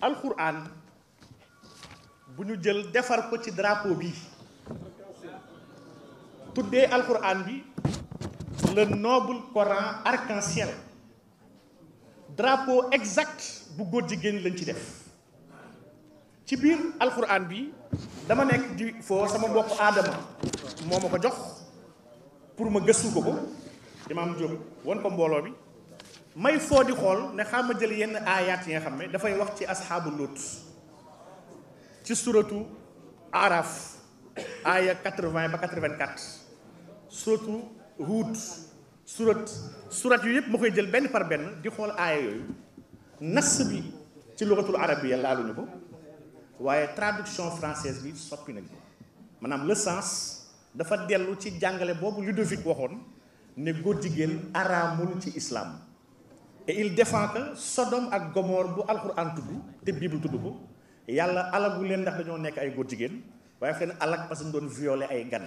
alxuraan bu ñu jël defar ko ci drapeau bi tuddee alxuraan bi le noble coran arc en drapeau exact bu góor jigéen lañ ci def ci biir alxuraan bi dama nekk di foo sama mbokk aadama moo ma ko jox pour ma gëstu ko ko imaam Diop won ko mbooloo bi may foo di xool ne xaama jël yenn aayaat yi nga xam ne dafay wax ci asxaabu lut ci suratu araf aaya 80 ba 84 suratu huut surat surat yu yëpp ma koy jël benn par benn di xool aaya yooyu nas bi ci lugatul arabiya laaluñu ko waaye traduction française bi soppi nañ ko maanaam le sens dafa dellu ci jàngale boobu Ludovic waxoon ne góor jigéen araamul ci islaam et il défend que Sodome ak Gomorre bu alxuraan tudd te Bible tudd ko yàlla alagu leen ndax dañoo nekk ay góor jigéen waaye fen alak parce que ñu doon ay gan